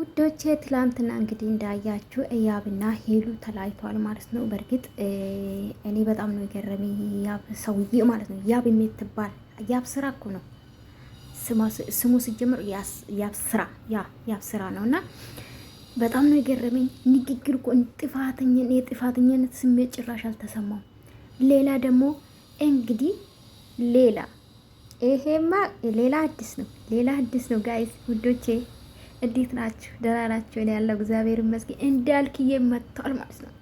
ውዶቼ ትላንትና እንግዲህ እንዳያችሁ እያብና ሄሉ ተለያይተዋል ማለት ነው። በእርግጥ እኔ በጣም ነው የገረመኝ ያብ ሰውዬ ማለት ነው። ያብ የምትባል ያብ ስራ እኮ ነው ስሙ ሲጀምር ያብ ስራ ያብ ስራ ነው እና በጣም ነው የገረመኝ ንግግር እኮ ጥፋተኝን የጥፋተኝነት ስሜት ጭራሽ አልተሰማውም። ሌላ ደግሞ እንግዲህ ሌላ ይሄማ ሌላ አዲስ ነው ሌላ አዲስ ነው ጋይስ ውዶቼ እንዴት ናችሁ? ደህና እኔ ያለው እግዚአብሔር ይመስገን። እንዳልክዬ መጥቷል ማለት ነው።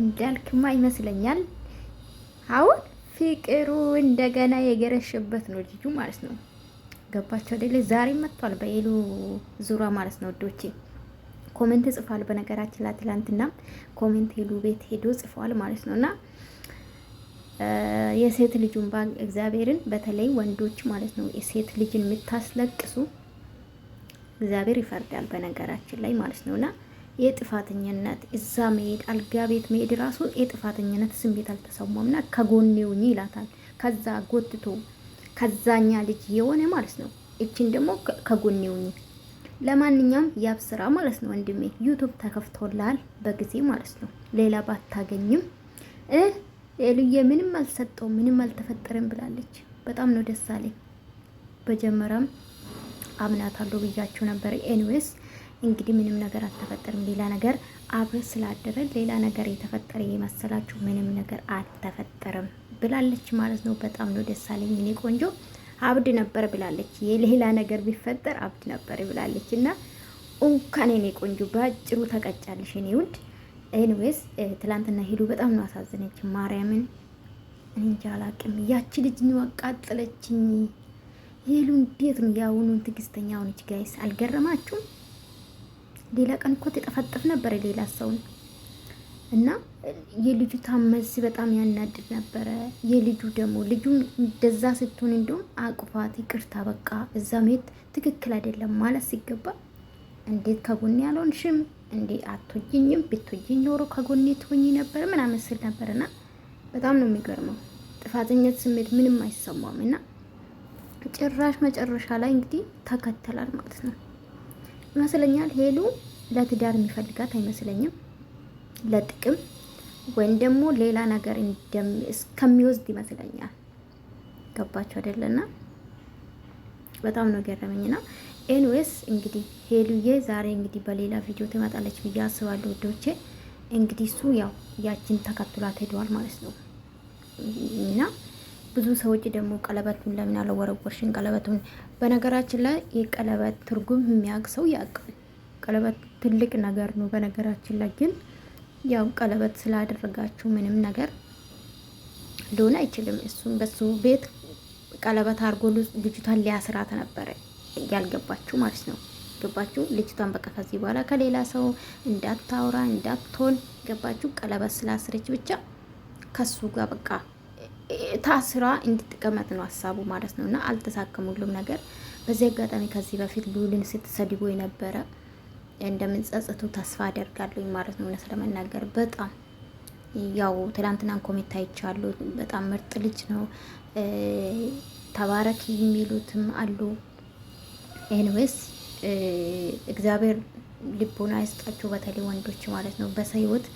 እንዳልክማ ይመስለኛል አሁን ፍቅሩ እንደገና የገረሸበት ነው ልጁ ማለት ነው። ገባቸው አይደለ? ዛሬ መጥቷል በኤሉ ዙራ ማለት ነው ወዶቼ ኮሜንት ጽፏል። በነገራችን ላይ ትላንትና ኮሜንት ሄሉ ቤት ሄዶ ጽፏል ማለት ነውና የሴት ልጁን ባግ እግዚአብሔርን በተለይ ወንዶች ማለት ነው የሴት ልጅን የምታስለቅሱ እግዚአብሔር ይፈርዳል በነገራችን ላይ ማለት ነውና የጥፋተኝነት እዛ መሄድ አልጋ ቤት መሄድ ራሱ የጥፋተኝነት ስሜት አልተሰማምና ከጎኔውኝ ይላታል። ከዛ ጎትቶ ከዛኛ ልጅ የሆነ ማለት ነው። እችን ደግሞ ከጎኔውኝ ለማንኛውም ያብ ስራ ማለት ነው ወንድሜ፣ ዩቱብ ተከፍቶላል በጊዜ ማለት ነው። ሌላ ባታገኝም እ ልዬ ምንም አልሰጠው ምንም አልተፈጠረም ብላለች። በጣም ነው ደስ አለኝ በጀመራም አምናታለሁ ብያችሁ ነበር። ኤኒዌይስ እንግዲህ ምንም ነገር አልተፈጠርም። ሌላ ነገር አብረን ስላደረ ሌላ ነገር የተፈጠረ የመሰላችሁ ምንም ነገር አልተፈጠርም ብላለች ማለት ነው። በጣም ነው ደስ አለኝ። እኔ ቆንጆ አብድ ነበር ብላለች። የሌላ ነገር ቢፈጠር አብድ ነበር ብላለች እና እንኳን እኔ ቆንጆ በአጭሩ ተቀጫለሽ እኔ ውድ። ኤኒዌይስ ትላንትና ሄዱ በጣም ነው አሳዘነች። ማርያምን እንጃ አላቅም። ያቺ ልጅ ነው አቃጠለችኝ። ሄሉ እንዴት ነው የአሁኑን ትዕግስተኛ ሆነች? ጋይስ አልገረማችሁም? ሌላ ቀን እኮ ተጠፋጠፍ ነበር ሌላ ሰውን እና የልጁ ታመስ በጣም ያናድድ ነበረ። የልጁ ደግሞ ልጁ እንደዛ ስትሆን እንደውም አቅፋት ይቅርታ በቃ እዛ መሄድ ትክክል አይደለም ማለት ሲገባ እንዴት ከጎኔ ያልሆንሽም እንዴ አትወጂኝም? ብትወጂኝ ኖሮ ከጎኔ ትሆኚ ነበር ምናምን ስል ነበርና በጣም ነው የሚገርመው። ጥፋተኝነት ስሜት ምንም አይሰማም እና ጭራሽ መጨረሻ ላይ እንግዲህ ተከተላል ማለት ነው ይመስለኛል። ሄሉ ለትዳር የሚፈልጋት አይመስለኝም። ለጥቅም ወይም ደግሞ ሌላ ነገር እስከሚወስድ ይመስለኛል። ገባቸው አይደለና በጣም ነው ገረመኝና ኤንዌስ እንግዲህ ሄሉዬ ዛሬ እንግዲህ በሌላ ቪዲዮ ትመጣለች ብዬ አስባለሁ ውዶቼ። እንግዲህ እሱ ያው ያችን ተከትሏት ሄደዋል ማለት ነው እና ብዙ ሰዎች ደግሞ ቀለበቱን ለምን አለወረወርሽን? ቀለበቱን በነገራችን ላይ የቀለበት ትርጉም የሚያውቅ ሰው ያውቃል። ቀለበት ትልቅ ነገር ነው። በነገራችን ላይ ግን ያው ቀለበት ስላደረጋችሁ ምንም ነገር ሊሆን አይችልም። እሱም በሱ ቤት ቀለበት አድርጎ ልጅቷን ሊያስራት ነበረ። ያልገባችሁ ማለት ነው። ገባችሁ? ልጅቷን በቃ ከዚህ በኋላ ከሌላ ሰው እንዳታውራ እንዳትሆን ገባችሁ? ቀለበት ስላስረች ብቻ ከሱ ጋር በቃ ታስራ እንድትቀመጥ ነው ሀሳቡ ማለት ነው። እና አልተሳካም ሁሉም ነገር። በዚህ አጋጣሚ ከዚህ በፊት ልዑልን ስትሰድቦ የነበረ እንደምንጸጽቱ ተስፋ አደርጋለኝ ማለት ነው። እውነት ለመናገር በጣም ያው ትላንትናን ኮሜንት አይቻለሁ። በጣም ምርጥ ልጅ ነው ተባረክ የሚሉትም አሉ። ኤንዌስ እግዚአብሔር ልቦና ይስጣችሁ፣ በተለይ ወንዶች ማለት ነው በሰይወት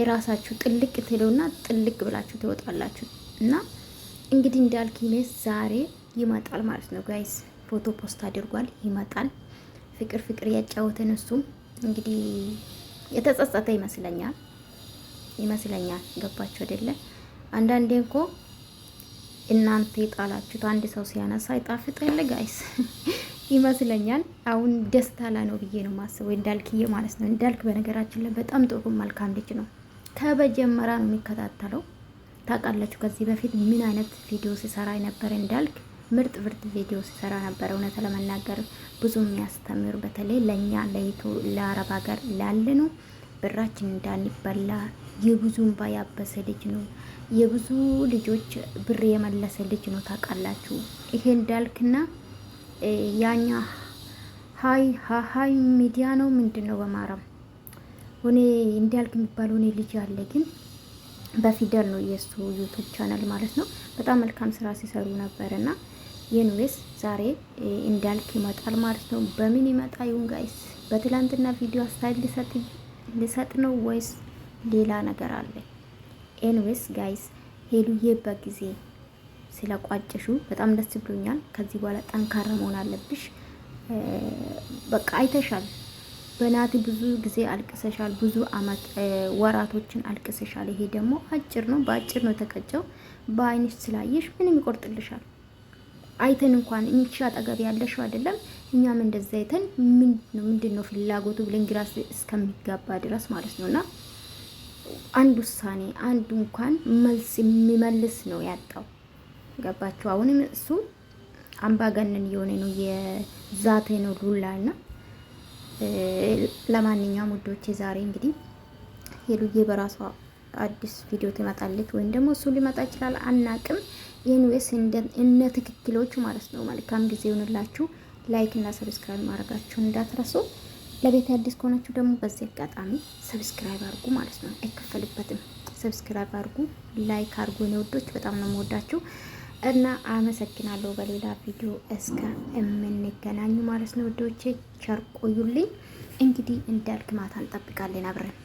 የራሳችሁ ጥልቅ ትሉና ጥልቅ ብላችሁ ትወጣላችሁ። እና እንግዲህ እንዳልክ ሜስ ዛሬ ይመጣል ማለት ነው ጋይስ። ፎቶ ፖስት አድርጓል፣ ይመጣል። ፍቅር ፍቅር ያጫወተን እሱም እንግዲህ የተጸጸተ ይመስለኛል ይመስለኛል። ገባችሁ አይደለ? አንዳንዴ እንኮ እናንተ የጣላችሁት አንድ ሰው ሲያነሳ ይጣፍጥ የለ ጋይስ ይመስለኛል። አሁን ደስታ ላይ ነው ብዬ ነው ማስበው እንዳልክዬ ማለት ነው። እንዳልክ በነገራችን ላይ በጣም ጥሩ መልካም ልጅ ነው። ከበጀመራ ነው የሚከታተለው ታውቃላችሁ ከዚህ በፊት ምን አይነት ቪዲዮ ሲሰራ ነበር እንዳልክ ምርጥ ምርጥ ቪዲዮ ሲሰራ ነበር። እውነት ለመናገር ብዙ የሚያስተምር በተለይ ለእኛ ለይቱ ለአረብ ሀገር ላለ ነው ብራችን እንዳንበላ የብዙ እንባ ያበሰ ልጅ ነው። የብዙ ልጆች ብር የመለሰ ልጅ ነው። ታውቃላችሁ ይሄ እንዳልክና ያኛ ሀይ ሀሀይ ሚዲያ ነው ምንድን ነው በማረም ሆኔ እንዳልክ የሚባል ሆኔ ልጅ አለ ግን በፊደል ነው የእሱ ዩቱብ ቻናል ማለት ነው። በጣም መልካም ስራ ሲሰሩ ነበር እና የኑዌስ ዛሬ እንዳልክ ይመጣል ማለት ነው። በምን ይመጣ ይሁን ጋይስ? በትላንትና ቪዲዮ አስተያየት ልሰጥ ነው ወይስ ሌላ ነገር አለ? ኤንዌስ ጋይስ ሄሉዬ በጊዜ ስለቋጨሹ በጣም ደስ ብሎኛል። ከዚህ በኋላ ጠንካራ መሆን አለብሽ። በቃ አይተሻል። በናቲ ብዙ ጊዜ አልቅሰሻል፣ ብዙ አመት ወራቶችን አልቅሰሻል። ይሄ ደግሞ አጭር ነው፣ በአጭር ነው የተቀጨው። በአይንሽ ስላየሽ ምንም ይቆርጥልሻል። አይተን እንኳን እንቺ አጠገብ ያለሽው አይደለም እኛም እንደዛ አይተን ምንድነው ምንድነው ፍላጎቱ ብለን ግራ እስከሚጋባ ድረስ ማለት እና አንድ ውሳኔ አንድ እንኳን መልስ የሚመልስ ነው ያጣው። ገባችሁ? አሁንም እሱ አምባገነን የሆነ ነው የዛቴ ነው ሉላ እና ለማንኛውም ውዶቼ ዛሬ እንግዲህ ሄሉዬ በራሷ አዲስ ቪዲዮ ትመጣለች ወይም ደግሞ እሱ ሊመጣ ይችላል፣ አናቅም። ኤንዌስ እነ ትክክሎቹ ማለት ነው። መልካም ጊዜ ይሆንላችሁ። ላይክ እና ሰብስክራይብ ማድረጋችሁን እንዳትረሱ። ለቤት አዲስ ከሆናችሁ ደግሞ በዚህ አጋጣሚ ሰብስክራይብ አድርጉ ማለት ነው። አይከፈልበትም። ሰብስክራይብ አድርጉ፣ ላይክ አድርጉ። እኔ ውዶች በጣም ነው የምወዳችሁ። እና አመሰግናለሁ። በሌላ ቪዲዮ እስከ የምንገናኙ ማለት ነው። ወዶቼ ቸር ቆዩልኝ። እንግዲህ እንዳልክ ማታ እንጠብቃለን አብረን